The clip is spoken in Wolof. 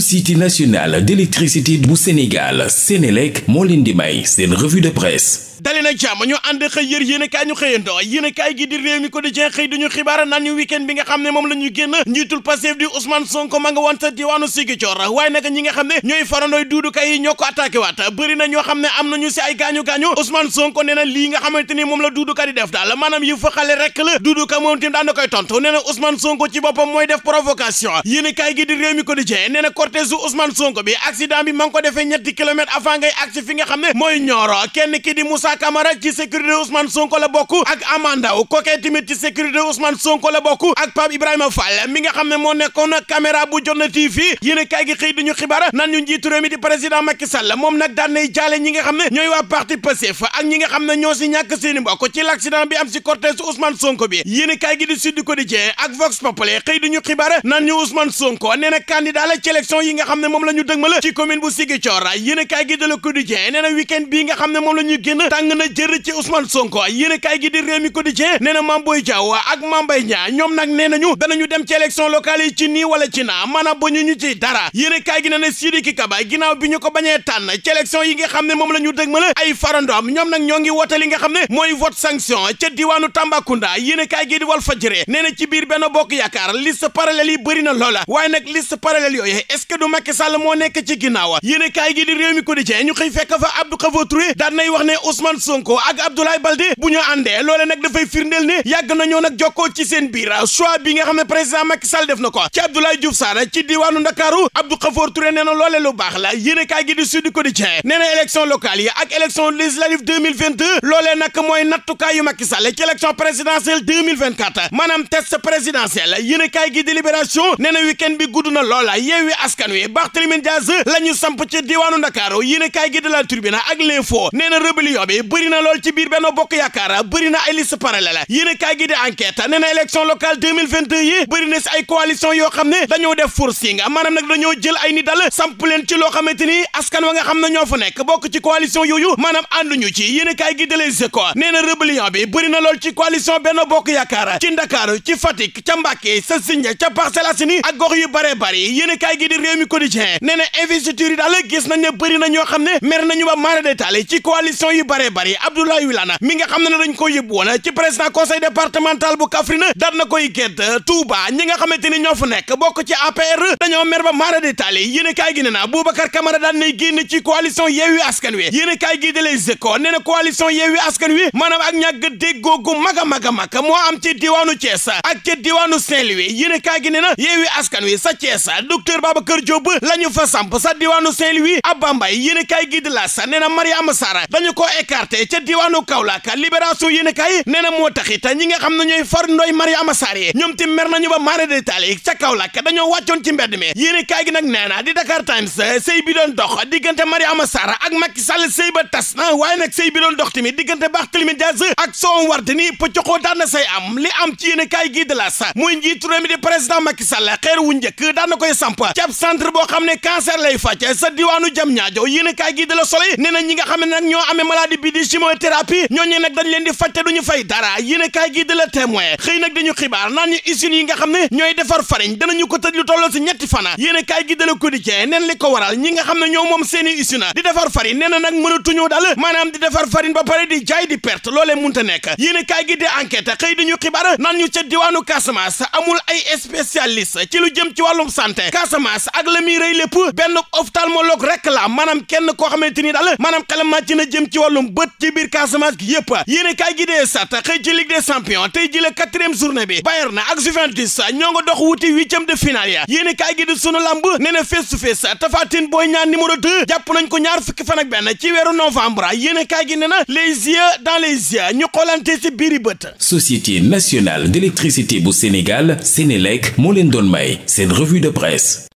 société nationale d'électricité bu Sénégal Sénélec moo leen di may seen revue de presse dali jàmm ñu ànd xëy yër yéen a ñu xëyandoo yéen a gi di réew mi quotidien xëy duñu xibaar naan ñu week-end bi nga xam ne moom la génn njiitul Pastef di Ousmane Sonko ma nga woon sa diwaanu Ziguinchor waaye nag ñi nga xam ne ñooy farandooy Doudou yi ñoo ko attaqué waat bëri na ñoo xam ne am nañu si ay gaañu-gaañu Ousmane Sonko nee na lii nga xamante cortège su Ousmane Sonko bi accident bi ma ngi ko defee ñetti kilomètres avant ngay agsi fi nga xam ne mooy Nioro kenn ki di Moussa Camara ci sécurité Ousmane Sonko la bokk ak Amandaw kookee tamit ci sécurité Ousmane Sonko la bokk ak Pape Ibrahima Fall mi nga xam ne moo nekkoon caméra bu jot na TV yéen a kaay gi xëy dañu xibaar nan ñu njiitu réew mi di président Macky moom nag daan nay jaale ñi xam ne ñooy waa parti Pastef ak ñi nga xam ne ñoo si ñàkk seeni mbokk ci l'accident élection yi nga xam ne moom la ñu dëgmal ci commune bu Ziguinchor yéenekaay gi de Le Quotidien nee na week-end bii nga xam ne moom la ñu génn tàng na jër ci Ousmane Sonko yéenekaay gi di Rewmi Quotidien nee na Mame Boye Diaw ak Mame Mbaye Niang ñoom nag nee nañu danañu dem ci élection locale yi ci nii wala ci naa maanaam ba ñu ñu ci dara yéenekaay gi nee na Sidiki Kaba ginnaaw bi ñu ko bañee tànn ci élection yi nga xam ne moom la ñu dëgmal ay farandoom ñoom nag ñoo ngi woote li nga xam ne mooy vote sanction ca diwaanu Tambacounda yéenekaay gi di Walf Fadjri nee na ci biir Benno Bokk Yaakaar liste parallèle yi bëri na loola waaye nag liste parallèle yooyu est-ce que du Macky Sall moo nekk ci ginnaawa yéen kaay gi di réew mi quotidien ñu xëy fekk fa Abdou Khafor Touré daan wax ne Ousmane Sonko ak Abdoulaye Baldé bu ñu àndee loole nag dafay firndeel ne yàgg nañoo nag jokkoo ci seen biir choix bi nga xam ne président Macky Sall def na ko ci Abdoulaye Diouf Sarr ci diwaanu Ndakaaru Abdou Khafor Touré nee na loole lu baax la yéen kaay gi di Sud Quotidien nee na élection locale yi ak élection législative 2022 loolee nag mooy nattukaayu Macky Sall ci élection présidentielle 2024 maanaam test présidentiel yéen kaay gi di Libération nee na week-end bi gudd na loola yeewi askan wi Barthélémy Dias la ñu samp ci diwaanu Ndakaaru yéen kaay gi de la Tribune ak l'info nee na rébellion bi bëri na lool ci biir Benno Bokk Yaakaar bëri ay liste parallèle yéen kaay gi de enquête nee na élection yi bëri si ay coalition bokk ci coalition yooyu maanaam ànduñu ci yéen kaay gi de Les Échos nee bi bëri na ci coalition Benno Bokk Yaakaar ci Ndakaaru ci Fatick ca Mbacké sa Sindia ca Parcelles Assainies ak gox yu bare bari di réew mi quotidien nee na investiture yi daal gis nañ bëri na xam ne mer nañu ba maara détaillé ci coalition yu bare bari Abdoulaye Wilane mi nga xam ne dañ ko yëbbu woon ci président conseil départemental bu Kaffrine daal na koy gedd Touba ñi nga xamante ni ñoo fa nekk bokk ci APR dañoo mer ba maara détaillé yéen kaay gi gi de Les Échos nee na coalition Yewwi Askan a mag a mag moo am ci diwaanu Thiès ak ci diwaanu Saint-Louis yéen kaay gi nee na Yewwi Askan Babacar Diop la ñu fa samp sa diwaanu Saint-Louis Abba Mbaye yéen kaay gi di L'As nee na Mariama Sarr dañu ko écarté ca diwaanu Kaolack Libération yéen kaay nee na moo taxit ñi nga xam ne ñooy far ndoy Mariama Sarr yi ñoom ti mer nañu ba maara de taali ca Kaolack dañoo wàccoon ci mbedd mi yéen kaay gi nag nee na di Dakar Times sëy bi doon dox diggante Mariama Sarr ak Macky Sall sëy ba tas na waaye nag sëy bi doon dox tamit diggante Barthélémy Dias ak Soham Wardini pëccoxoo daan na say am li am ci yéen kaay gi di wu njëkk daan na koy centre boo xam ne cancer lay faj sa diwaanu jam ñaajo yéen a kaay gi de la Soleil nee na ñi nga xam ne nag ñoo amee maladie bi di chimiothérapie ñooñu nag dañ leen di faj te duñu fay dara yéen a kaay gi de la Témoin xëy nag ñu xibaar naan ñu usines yi nga xam ne ñooy defar farine danañu ko tëj lu tolloo si ñetti fana yéen a kaay gi de la Quotidien neen li ko waral ñi nga xam ne ñoo moom seeni usine di defar farine nee na nag mënatuñu daal maanaam di defar farine ba pare di jaay di perte loolee munta nekk yéen a kaay gi de enquête xëy dañu xibaar naan ñu ca diwaanu Casamance amul ay ci lu jëm ci wàllum santé Casamance as ak la muy rëy lépp benn ophtalmologue rek la maanaam kenn koo xamante ni daal maanaam xelam màcc na jëm ci wàllum bët ci biir Casamance gi yëpp yéen kaay gi dee sat xëy ci Ligue des champions tey ji la quatrième journée bi Bayern ak Juventus ñoo nga dox wuti huitième de finale ya yéen kaay gi di sunu lamb nee na face to face Tapha Tine Boy Niang numéro deux jàpp nañ ko ñaar fukki fan ak benn ci weeru novembre yéen kaay gi nee na les yeux dans les yeux ñu xoolante ci biiri bët Société nationale d'électricité bu Sénégal leen doon may seen revue de